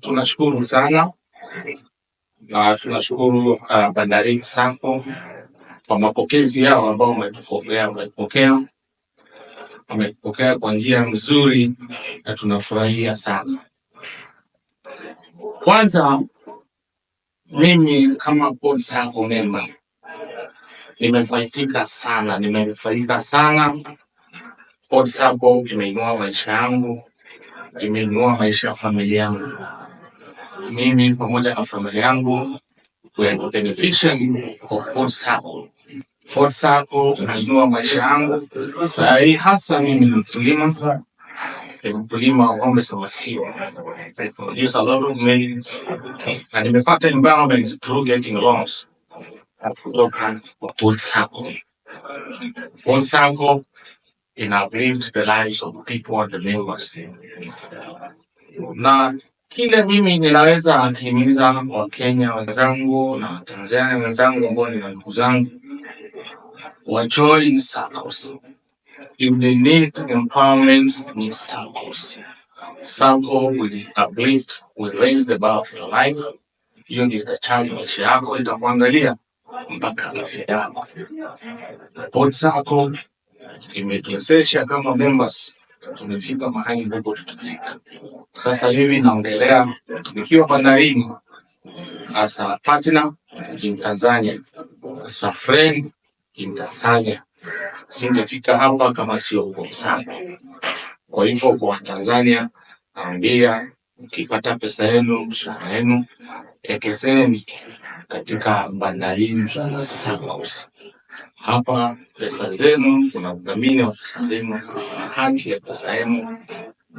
tunashukuru sana na tunashukuru uh, Bandarini Sacco kwa mapokezi yao ambao wametupokea wametupokea wametupokea kwa njia nzuri na tunafurahia sana. Kwanza mimi kama Board Sacco member nimefaidika sana, nimefaidika sana. Board Sacco imeinua maisha yangu imeinua maisha ya familia yangu mimi pamoja na familia yangu. Unainua maisha yangu saa hii, hasa mimi ni mkulima, mkulima wa ng'ombe za maziwa na nimepata environment through getting loans kutoka kwa Port Sacco and I've lived the lives of people on the levels. Na kile mimi ninaweza himiza Kenya wenzangu na Tanzania wenzangu ambao ni ndugu zangu wa join SACCOS. If they need empowerment, ni SACCOS. SACCO will uplift, will raise the bar of your life. Hiyo ndio itachali maisha yako, itakuangalia mpaka afya yako. SACCO imetuwezesha kama members tumefika mahali ambapo tutafika sasa. Mimi naongelea nikiwa bandarini as a partner in Tanzania, as a friend in Tanzania, singefika hapa kama sio huko sana. Kwa hivyo kwa Tanzania naambia, ukipata pesa yenu, mshahara yenu, ekezeni katika bandarini SACCOS. Hapa pesa zenu, kuna udhamini wa pesa zenu, kuna haki ya pesa yenu,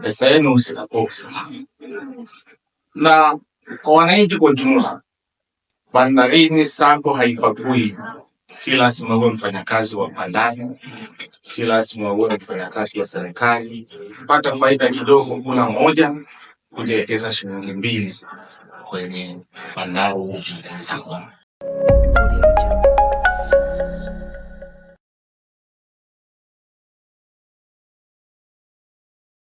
pesa yenu zitakuwa usalama. Na kwa wananchi kwa jumla, bandarini sako haipakui. Si lazima uwe mfanyakazi wa bandari, si lazima uwe mfanyakazi wa serikali. Pata faida kidogo, kuna moja kujawekeza shilingi mbili kwenye bandari sawa.